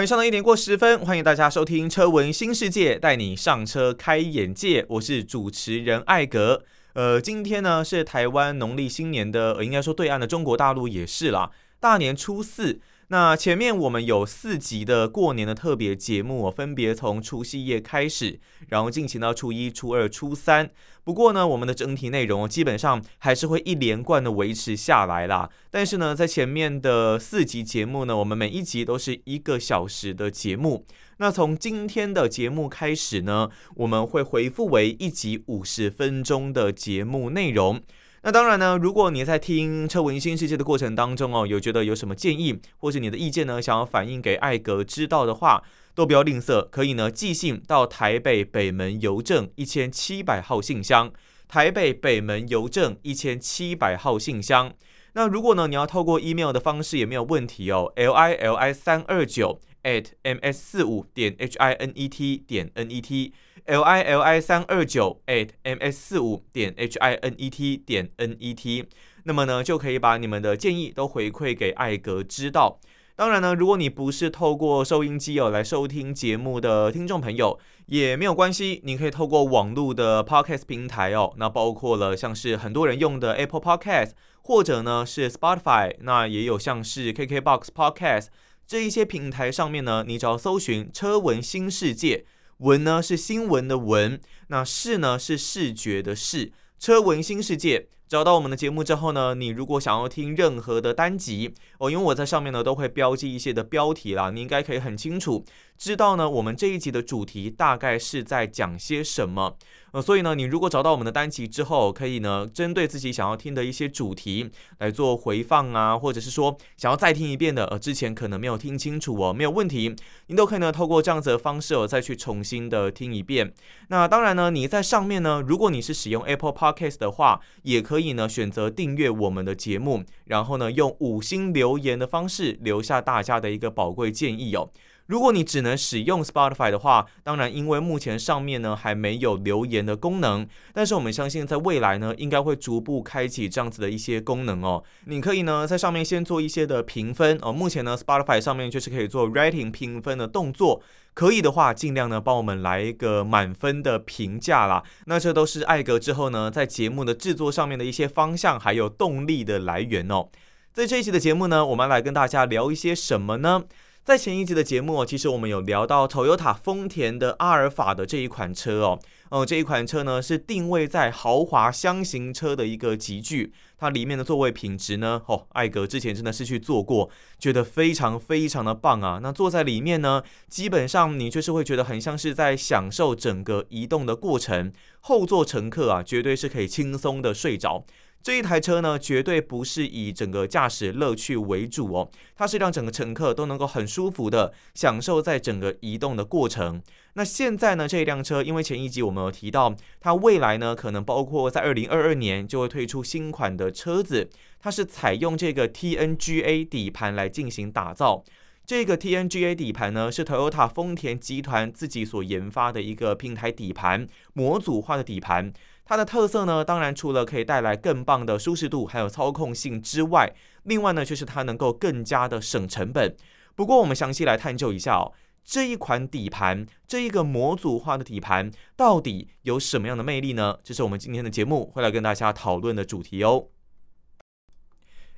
晚上的一點過十分，歡迎大家收聽《車聞新世界》，帶你上車開眼界。我是主持人艾格。呃，今天呢是台灣農曆新年的，應該說對岸的中國大陸也是啦，大年初四。那前面我們有四集的過年的特別節目哦，分別從除夕夜開始，然後進行到初一、初二、初三。不過呢，我們的整體內容基本上還是會一連貫地維持下來啦。但是呢，在前面的四集節目呢，我們每一集都是一個小時的節目。那從今天的節目開始呢，我們會回復為一集五十分鐘的節目內容。那當然呢，如果你在聽《車文新世界》的過程當中哦，有覺得有什麼建議或者你的意見呢，想要反映給艾格知道的話，都不要吝嗇，可以呢寄信到台北北門郵政一千七百號信箱，台北北門郵政一千七百號信箱。那如果呢你要透過 email 的方式也沒有問題哦，L I L I 三二九 at M S 四五點 H I N E T 點 N E T。l i l i 三二九 at m s 四五點 h i n e t 點 n e t，那麼呢就可以把你們的建議都回饋給艾格知道。當然呢，如果你不是透過收音機哦來收聽節目的聽眾朋友也沒有關係，你可以透過網絡的 podcast 平臺哦，那包括了像是很多人用的 Apple Podcast 或者呢是 Spotify，那也有像是 KKBox Podcast 這一些平台上面呢，你只要搜尋車聞新世界。文呢是新聞的文，那視呢是視覺的視。車文新世界找到我們的節目之後呢，你如果想要聽任何的單集哦，因為我在上面呢都會標記一些的標題啦，你應該可以很清楚。知道呢，我們這一集的主題大概是在講些什麼，呃，所以呢，你如果找到我們的單集之後，可以呢，針對自己想要聽的一些主題來做回放啊，或者是說想要再聽一遍的，呃，之前可能沒有聽清楚哦，沒有問題，你都可以呢，透過這樣子的方式哦，再去重新的聽一遍。那當然呢，你在上面呢，如果你是使用 Apple Podcast 的話，也可以呢，選擇訂閱我們的節目，然後呢，用五星留言的方式留下大家的一個寶貴建議哦。如果你只能使用 Spotify 的話，當然，因為目前上面呢還沒有留言的功能，但是我們相信在未來呢，應該會逐步開啟這樣子的一些功能哦。你可以呢在上面先做一些的評分哦。目前呢 Spotify 上面就是可以做 writing 評分的動作，可以的話盡量呢幫我們來一個滿分的評價啦。那這都是艾格之後呢在節目的制作上面的一些方向還有動力的來源哦。在這一期的節目呢，我們來跟大家聊一些什麼呢？在前一集的節目，其實我們有聊到 Toyota 豐田的阿爾法的這一款車哦，哦，這一款車呢，是定位在豪華箱型車的一個集具，它裡面的座位品質呢，哦，艾格之前真的是去坐過，覺得非常非常的棒啊。那坐在裡面呢，基本上你就是會覺得很像是在享受整個移動的過程，後座乘客啊，絕對是可以輕鬆地睡着。這一台車呢，絕對不是以整個駕駛樂趣為主哦，它是讓整個乘客都能夠很舒服的享受在整個移動的過程。那現在呢，這一輛車，因為前一集我們有提到，它未來呢，可能包括在二零二二年就會推出新款的車子，它是採用這個 TNGA 底盤來進行打造。這個 TNGA 底盤呢，是 Toyota 豐田集團自己所研發的一個平台底盤，模組化的底盤。它的特色呢，當然除了可以帶來更棒的舒適度，還有操控性之外，另外呢，就是它能夠更加的省成本。不過，我們詳細來探究一下哦，這一款底盤，這一個模組化的底盤，到底有什麼樣的魅力呢？這是我們今天的節目會來跟大家討論的主題哦。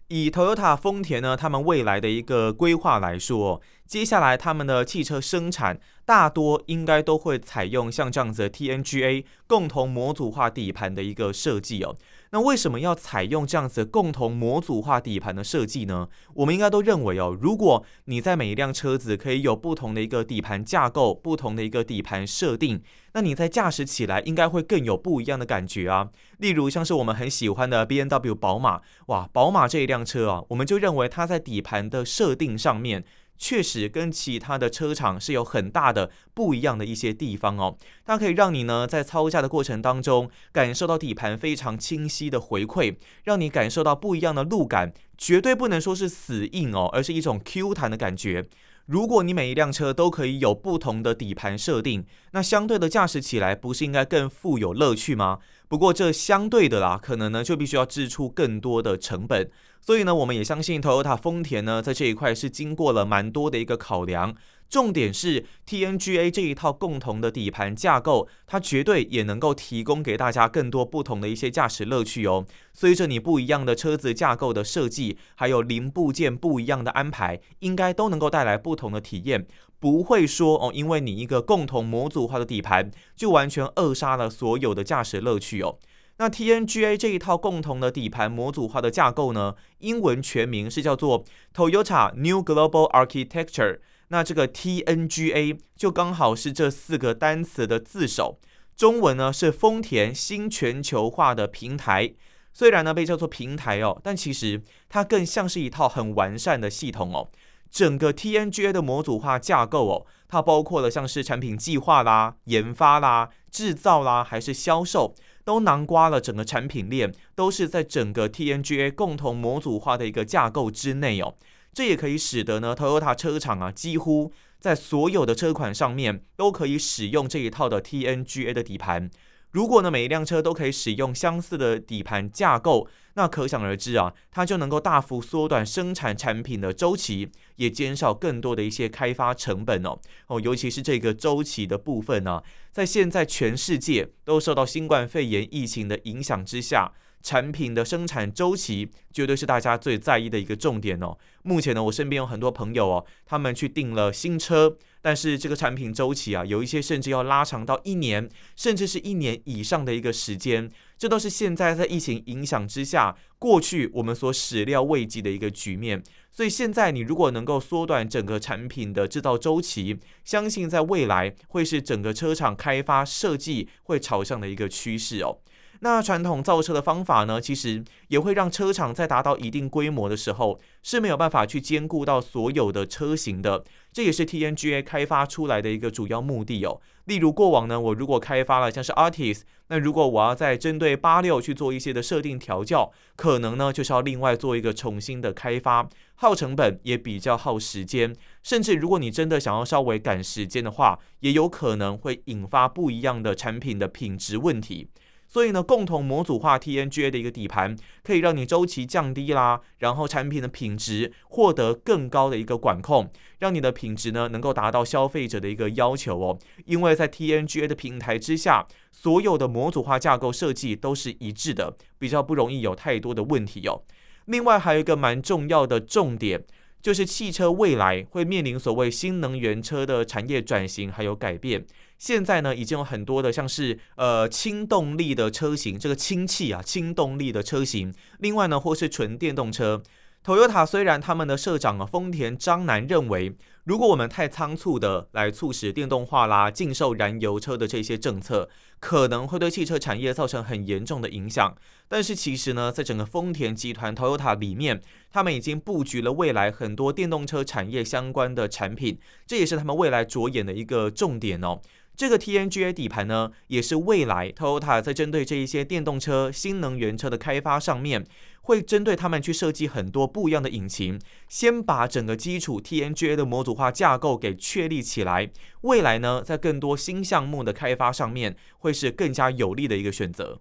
以 Toyota 豐田呢，他們未來的一個規劃來說，接下來他們的汽車生產大多應該都會採用像這樣子的 TNGA 共同模組化底盤的一個設計哦。那為什麼要採用這樣子共同模組化底盤的設計呢？我們應該都認為哦，如果你在每一輛車子可以有不同的一個底盤架構、不同的一個底盤設定，那你在駕駛起來應該會更有不一樣的感覺啊。例如像是我們很喜歡的 BMW 寶馬，哇，寶馬這一輛車啊，我們就認為它在底盤的設定上面，確實跟其他的車廠是有很大的不一樣的一些地方哦，它可以讓你呢在操駕的過程當中感受到底盤非常清晰的回饋，讓你感受到不一樣的路感，絕對不能說是死硬哦，而是一種 Q 彈的感覺。如果你每一輛車都可以有不同的底盤設定，那相對的駕駛起來不是應該更富有樂趣嗎？不過這相對的啦，可能呢就必須要支出更多的成本，所以呢我們也相信，Toyota 豐田呢在這一塊是經過了蠻多的一個考量。重點是 TNGA 這一套共同的底盤架構，它絕對也能夠提供給大家更多不同的一些駕駛樂趣哦。隨着你不一樣的車子架構的設計，還有零部件不一樣的安排，應該都能夠帶來不同的體驗，不會說哦，因為你一個共同模組化的底盤就完全扼殺了所有的駕駛樂趣哦。那 TNGA 這一套共同的底盤模組化的架構呢，英文全名是叫做 Toyota New Global Architecture。那這個 TNGA 就剛好是這四個單詞的字首，中文呢是豐田新全球化的平台。雖然呢被叫做平台哦，但其實它更像是一套很完善的系統哦。整個 TNGA 的模組化架構哦，它包括了像是產品計劃啦、研發啦、製造啦，還是銷售，都囊括了整個產品鏈，都是在整個 TNGA 共同模組化的一個架構之內哦。這也可以使得呢，Toyota 車廠啊，幾乎在所有的車款上面都可以使用這一套的 TNGA 的底盤。如果呢，每一輛車都可以使用相似的底盤架構，那可想而知啊，它就能夠大幅縮短生產產品的周期，也減少更多的一些開發成本哦哦，尤其是這個周期的部分呢、啊，在現在全世界都受到新冠肺炎疫情的影響之下。產品的生產週期絕對是大家最在意的一個重點哦。目前呢，我身邊有很多朋友哦，他們去訂了新車，但是這個產品週期啊，有一些甚至要拉長到一年，甚至是一年以上的一個時間。這都是現在在疫情影響之下，過去我們所始料未及的一個局面。所以現在你如果能夠縮短整個產品的製造週期，相信在未來會是整個車廠開發設計會朝向的一個趨勢哦。那傳統造車的方法呢，其實也會讓車廠在達到一定規模的時候是沒有辦法去兼顧到所有的車型的。這也是 TNGA 開發出來的一個主要目的哦。例如過往呢，我如果開發了像是 Artist，那如果我要再針對八六去做一些的設定調教，可能呢就是要另外做一個重新的開發，耗成本也比較耗時間。甚至如果你真的想要稍微趕時間的話，也有可能會引發不一樣的產品的品質問題。所以呢，共同模組化 TNGA 的一個底盤，可以讓你周期降低啦，然後產品的品質獲得更高的一個管控，讓你的品質呢能夠達到消費者的一個要求哦。因為在 TNGA 的平台之下，所有的模組化架構設計都是一致的，比較不容易有太多的問題喲、哦。另外還有一個蠻重要的重點，就是汽車未來會面臨所謂新能源車的產業轉型還有改變。現在呢，已經有很多的像是呃氫動力的車型，這個氫氣啊，氫動力的車型。另外呢，或是純電動車。Toyota 雖然他們的社長啊豐田章男認為，如果我們太倉促的來促使電動化啦禁售燃油車的這些政策，可能會對汽車產業造成很嚴重的影響。但是其實呢，在整個豐田集團 Toyota 裡面，他們已經布局了未來很多電動車產業相關的產品，這也是他們未來着眼的一個重點哦。這個 T N G A 底盤呢，也是未來 Toyota 在針對這一些電動車、新能源車的開發上面，會針對他們去設計很多不一樣的引擎，先把整個基礎 T N G A 的模組化架構給確立起來。未來呢，在更多新項目的開發上面，會是更加有利的一個選擇。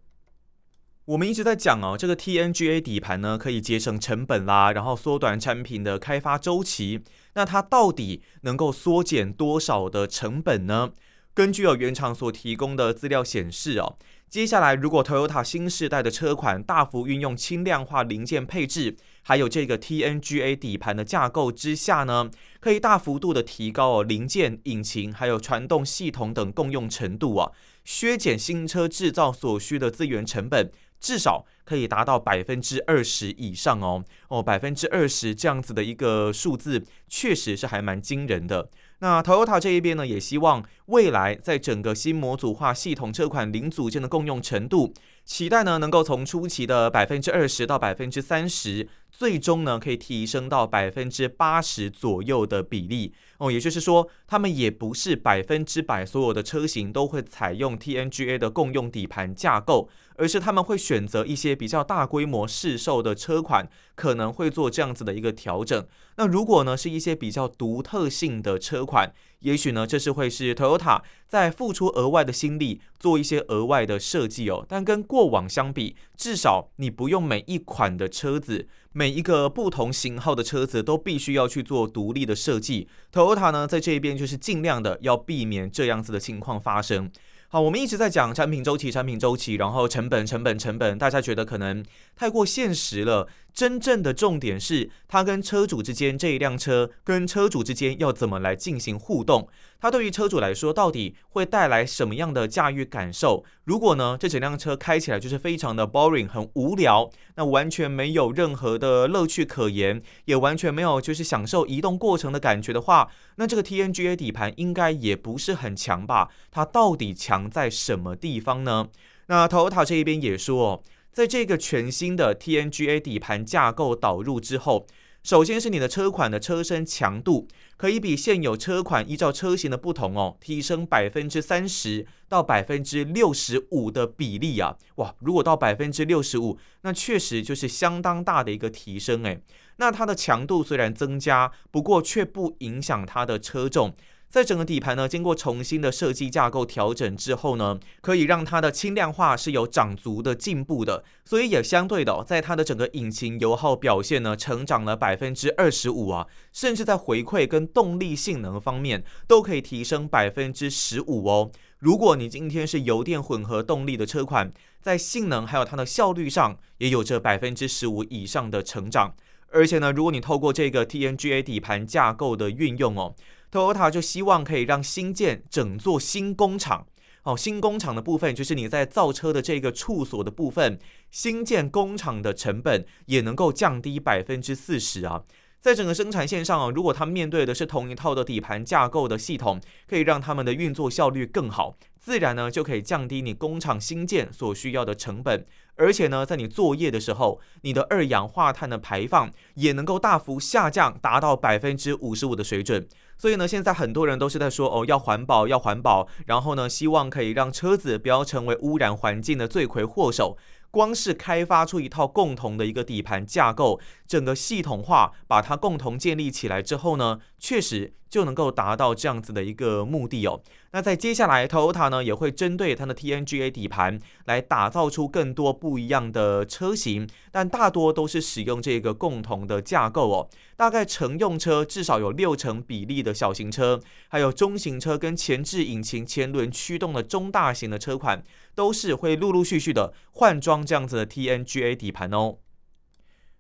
我們一直在講哦，這個 T N G A 底盤呢，可以節省成本啦，然後縮短產品的開發週期。那它到底能夠縮減多少的成本呢？根據哦原廠所提供的資料顯示，哦，接下來如果 Toyota 新世代的車款大幅運用輕量化零件配置，還有這個 TNGA 底盤的架構之下呢，可以大幅度的提高哦零件、引擎、還有傳動系統等共用程度啊，削減新車製造所需的資源成本，至少可以達到百分之二十以上哦哦，百分之二十這樣子的一個數字，確實是還蠻驚人的。那 Toyota 這一邊呢，也希望未來在整個新模組化系統這款零組件的共用程度，期待呢能夠從初期的百分之二十到百分之三十，最終呢，可以提升到百分之八十左右的比例哦。也就是說，他們也不是百分之百所有的車型都會採用 TNGA 的共用底盤架構，而是他們會選擇一些比較大規模市售的車款，可能會做這樣子的一個調整。那如果呢，是一些比較獨特性的車款，也許呢，這是會是 Toyota 在付出額外的心力做一些額外的設計哦。但跟過往相比，至少你不用每一款的車子。每一個不同型號的車子都必須要去做獨立的設計。Toyota 呢，在這邊就是盡量的要避免這樣子的情況發生。好，我們一直在講產品週期、產品週期，然後成本、成本、成本，大家覺得可能太過現實了。真正的重點是，它跟車主之間這一輛車跟車主之間要怎麼來進行互動？它對於車主來說，到底會帶來什麼樣的駕馭感受？如果呢，這整輛車開起來就是非常的 boring，很無聊，那完全沒有任何的樂趣可言，也完全沒有就是享受移動過程的感覺的話，那這個 TNGA 底盤應該也不是很強吧？它到底強在什麼地方呢？那 Toyota 這一邊也說，在這個全新的 TNGA 底盤架構導入之後，首先是你的車款的車身強度可以比現有車款依照車型的不同哦，提升百分之三十到百分之六十五的比例啊！哇，如果到百分之六十五，那確實就是相當大的一個提升哎。那它的強度雖然增加，不過卻不影響它的車重。在整個底盤呢，經過重新的設計架構調整之後呢，可以讓它的輕量化是有長足的進步的，所以也相對的，在它的整個引擎油耗表現呢，成長了百分之二十五啊，甚至在回饋跟動力性能方面都可以提升百分之十五哦。如果你今天是油電混合動力的車款，在性能還有它的效率上，也有着百分之十五以上的成長。而且呢，如果你透過這個 TNGA 底盤架構的運用哦，Toyota 就希望可以讓新建整座新工廠哦，新工廠的部分就是你在造車的這個處所的部分，新建工廠的成本也能夠降低百分之四十啊。在整個生產線上啊，如果它面對的是同一套的底盤架構的系統，可以讓他們的運作效率更好，自然呢就可以降低你工廠新建所需要的成本，而且呢，在你作業的時候，你的二氧化碳的排放也能夠大幅下降55，達到百分之五十五的水準。所以呢，現在很多人都是在說哦，要環保，要環保，然後呢，希望可以讓車子不要成為污染環境的罪魁禍首。光是開發出一套共同的一個底盤架構，整個系統化把它共同建立起來之後呢，確實就能夠達到這樣子的一個目的哦。那在接下來，Toyota 呢也會針對它的 TNGA 底盤來打造出更多不一樣的車型，但大多都是使用這個共同的架構哦。大概乘用車至少有六成比例的小型車，還有中型車跟前置引擎前輪驅動的中大型的車款，都是會陸陸續續的換裝這樣子的 TNGA 底盤哦。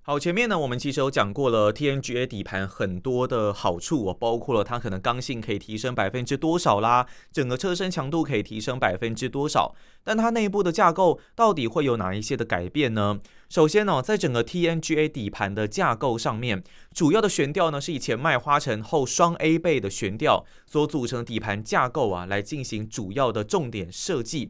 好，前面呢，我們其實有講過了 TNGA 底盤很多的好處啊、哦，包括了它可能剛性可以提升百分之多少啦，整個車身強度可以提升百分之多少。但它內部的架構到底會有哪一些的改變呢？首先呢、哦，在整個 TNGA 底盤的架構上面，主要的懸吊呢，是以前麥花臣後雙 A 臂的懸吊所組成底盤架構啊，來進行主要的重點設計。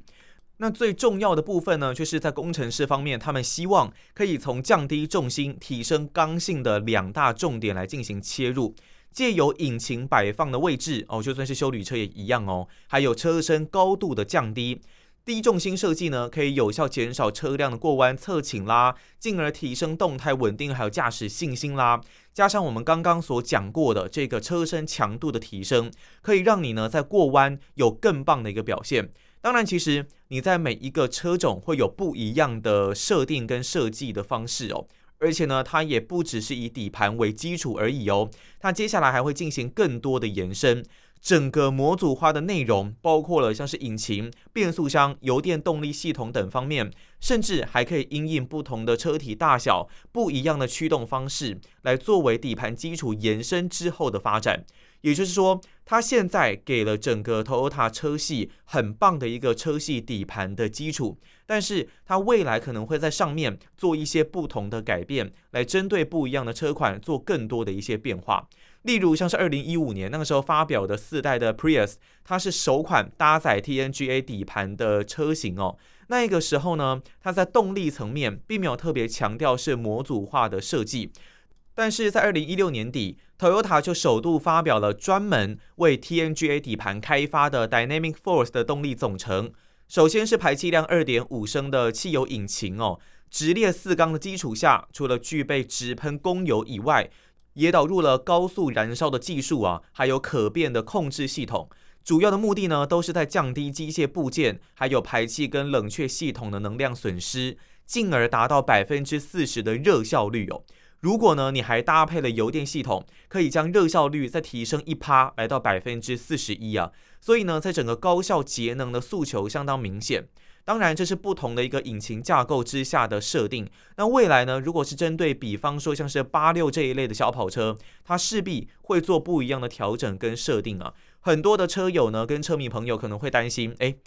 那最重要的部分呢，就是在工程師方面，他們希望可以從降低重心、提升剛性的兩大重點來進行切入，借由引擎擺放的位置哦，就算是休旅車也一樣哦，還有車身高度的降低，低重心設計呢，可以有效減少車輛的過彎側傾啦，進而提升動態穩定，還有駕駛信心啦。加上我們剛剛所講過的這個車身強度的提升，可以讓你呢在過彎有更棒的一個表現。當然，其實你在每一個車種會有不一樣的設定跟設計的方式哦，而且呢，它也不只是以底盤為基礎而已哦，它接下來還會進行更多的延伸。整個模組化的內容包括了像是引擎、變速箱、油電動力系統等方面，甚至還可以因應不同的車體大小、不一樣的驅動方式，來作為底盤基礎延伸之後的發展。也就是說，它現在給了整個 Toyota 車系很棒的一個車系底盤的基礎，但是它未來可能會在上面做一些不同的改變，來針對不一樣的車款做更多的一些變化。例如，像是二零一五年那個時候發表的四代的 Prius，它是首款搭載 TNGA 底盤的車型哦。那個時候呢，它在動力層面並沒有特別強調是模組化的設計。但是在二零一六年底，Toyota 就首度發表了專門為 TNGA 底盤開發的 Dynamic Force 的動力總成。首先是排氣量二點五升的汽油引擎哦，直列四缸的基礎下，除了具備直噴供油以外，也導入了高速燃燒的技術啊，還有可變的控制系統。主要的目的呢，都是在降低機械部件還有排氣跟冷卻系統的能量損失，進而達到百分之四十的熱效率哦。如果呢，你還搭配了油電系統，可以將熱效率再提升一趴，來到百分之四十一啊。所以呢，在整個高效節能的訴求相當明顯。當然，這是不同的一個引擎架構之下的設定。那未來呢，如果是針對比方說像是八六這一類的小跑車，它勢必會做不一樣的調整跟設定啊。很多的車友呢，跟車迷朋友可能會擔心，欸。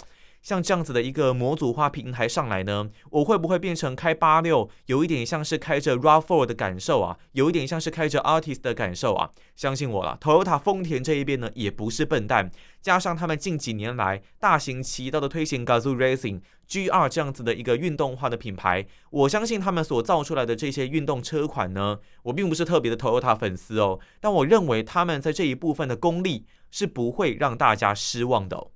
像這樣子的一個模組化平台上來呢，我會不會變成開八六，有一點像是開着 RAV4 的感受啊，有一點像是開着 Altis 的感受啊？相信我了，Toyota 豐田這一邊呢，也不是笨蛋，加上他們近幾年來大行其道的推行 Gazoo Racing GR 這樣子的一個運動化的品牌，我相信他們所造出來的這些運動車款呢，我並不是特別的 Toyota 粉絲哦，但我認為他們在這一部分的功力是不會讓大家失望的哦。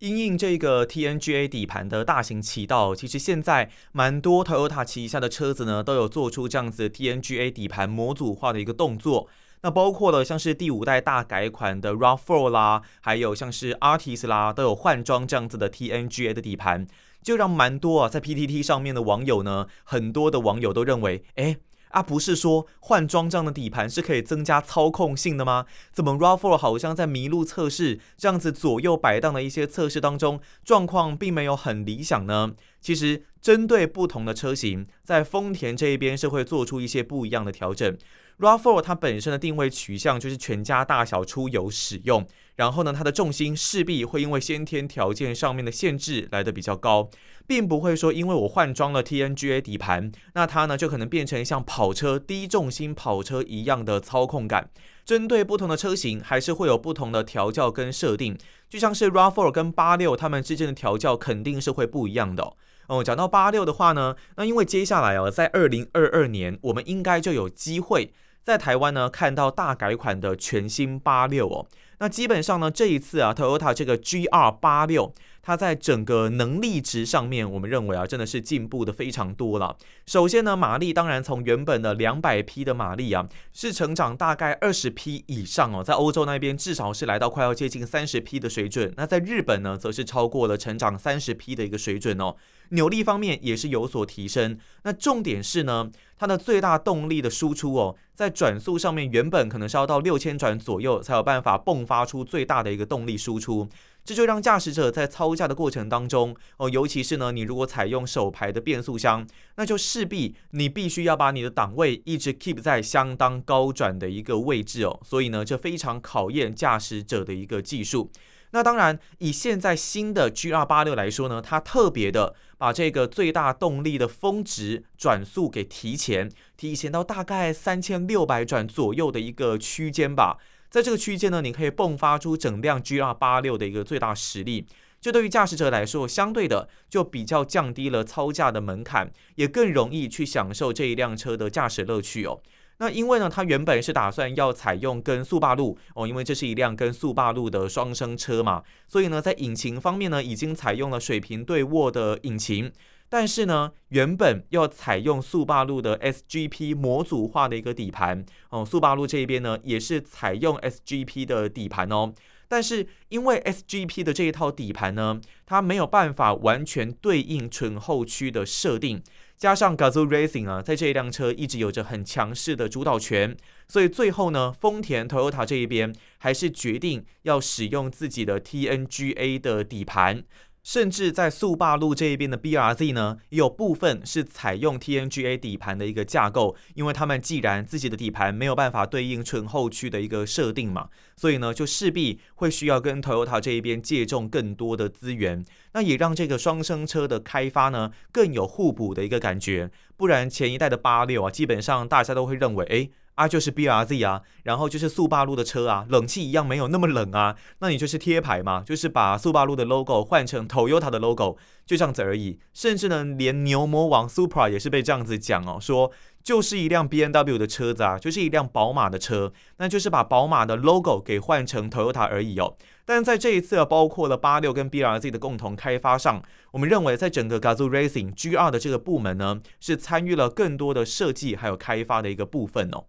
因應這個 T N G A 底盤的大行其道，其實現在蠻多 Toyota 旗下的車子呢，都有做出這樣子 T N G A 底盤模組化的一個動作。那包括了像是第五代大改款的 RAV4 啦，還有像是 Altis 啦，都有換裝這樣子的 T N G A 的底盤，就讓蠻多啊在 P T T 上面的網友呢，很多的網友都認為，哎。它、啊、不是說換裝這樣的底盤是可以增加操控性的嗎？怎麼 Rav4 好像在麋鹿測試這樣子左右擺盪的一些測試當中，狀況並沒有很理想呢？其實針對不同的車型，在豐田這一邊是會做出一些不一樣的調整。RAV4 它本身的定位取向就是全家大小出遊使用，然後呢，它的重心勢必會因為先天條件上面的限制來得比較高，並不會說因為我換裝了 TNGA 底盤，那它呢就可能變成像跑車低重心跑車一樣的操控感。針對不同的車型，還是會有不同的調教跟設定，就像是 RAV4 跟八六它們之間的調教肯定是會不一樣的哦。哦，講到八六的話呢，那因為接下來啊、哦，在二零二二年我們應該就有機會。在台灣呢，看到大改款的全新八六哦，那基本上呢，這一次啊，Toyota 這個 GR 八六。它在整個能力值上面，我們認為啊，真的是進步的非常多了。首先呢，馬力當然從原本的兩百匹的馬力啊，是成長大概二十匹以上哦，在歐洲那邊至少是來到快要接近三十匹的水準。那在日本呢，則是超過了成長三十匹的一個水準哦。扭力方面也是有所提升。那重點是呢，它的最大動力的輸出哦，在轉速上面原本可能是要到六千轉左右才有辦法迸發出最大的一個動力輸出。這就讓駕駛者在操駕的過程當中，哦，尤其是呢，你如果採用手排的變速箱，那就勢必你必須要把你的檔位一直 keep 在相當高轉的一個位置哦，所以呢，這非常考驗駕駛、駛者的一個技術。那當然，以現在新的 GR86 來說呢，它特別的把這個最大動力的峰值轉速給提前，提前到大概三千六百轉左右的一個區間吧。在這個區間呢，你可以迸發出整輛 GR86 的一個最大實力。就對於駕駛者來說，相對的就比較降低了操駕的門檻，也更容易去享受這一輛車的駕駛樂趣哦。那因為呢，它原本是打算要採用跟速霸路哦，因為這是一輛跟速霸路的雙生車嘛，所以呢，在引擎方面呢，已經採用了水平對臥的引擎。但是呢，原本要採用速霸陸的 SGP 模組化的一個底盤，哦，速霸陸這一邊呢也是採用 SGP 的底盤哦。但是因為 SGP 的這一套底盤呢，它沒有辦法完全對應純後驅的設定，加上 Gazoo Racing 啊，在這一輛車一直有着很強勢的主導權，所以最後呢，豐田、Toyota 這一邊還是決定要使用自己的 TNGA 的底盤。甚至在速霸陸這一邊的 B R Z 呢，也有部分是採用 T N G A 底盤的一個架構，因為他們既然自己的底盤沒有辦法對應純後驅的一個設定嘛，所以呢，就勢必會需要跟 Toyota 這一邊借重更多的資源，那也讓這個雙生車的開發呢，更有互補的一個感覺。不然前一代的八六啊，基本上大家都會認為，哎。啊，就是 B R Z 啊，然後就是速霸路的車啊，冷氣一樣沒有那麼冷啊，那你就是貼牌嘛，就是把速霸路的 logo 換成 Toyota 的 logo，就這樣子而已。甚至呢，連牛魔王 Supra 也是被這樣子講哦，說就是一輛 B M W 的車子啊，就是一輛寶馬的車，那就是把寶馬的 logo 給換成 Toyota 而已哦。但在這一次、啊、包括了八六跟 B R Z 的共同開發上，我們認為在整個 Gazoo Racing GR 的這個部門呢，是參與了更多的設計還有開發的一個部分哦。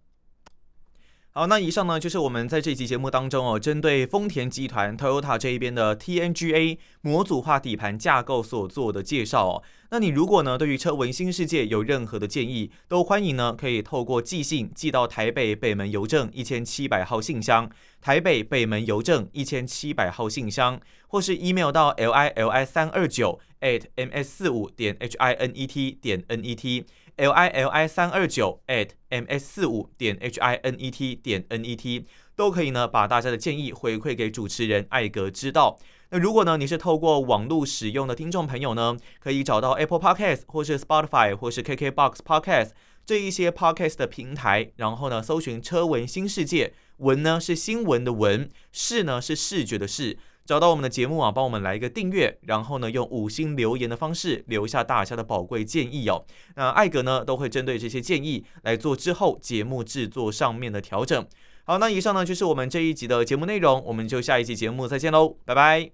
好、哦，那以上呢就是我們在這期節目當中哦，針對豐田集團、Toyota 這一邊的 TNGA 模組化底盤架，架構所做的介紹哦。那你如果呢對於車聞新世界，有任何的建議，都歡迎呢可以透過寄信寄到台北北門郵政一千七百號信箱，台北北門郵政一千七百號信箱，或是 email 到 l i l i 3三二九 atms 四五點 hinet 點 net。l i l i 三二九 at m s 四五點 h i n e t 點 n e t 都可以呢，把大家的建議回饋給主持人艾格知道。那如果呢，你是透過網絡使用的聽眾朋友呢，可以找到 Apple Podcast 或是 Spotify 或是 KKBox Podcast 這一些 Podcast 的平台，然後呢，搜尋車聞新視界，聞呢是新聞的聞，視呢是視覺的視。找到我們的節目啊，幫我們來一個訂閱，然後呢，用五星留言的方式留下大家的寶貴建議哦。那艾格呢，都會針對這些建議來做之後節目制作上面的調整。好，那以上呢就是我們這一集的節目內容，我們就下一期節目再見嘍，拜拜。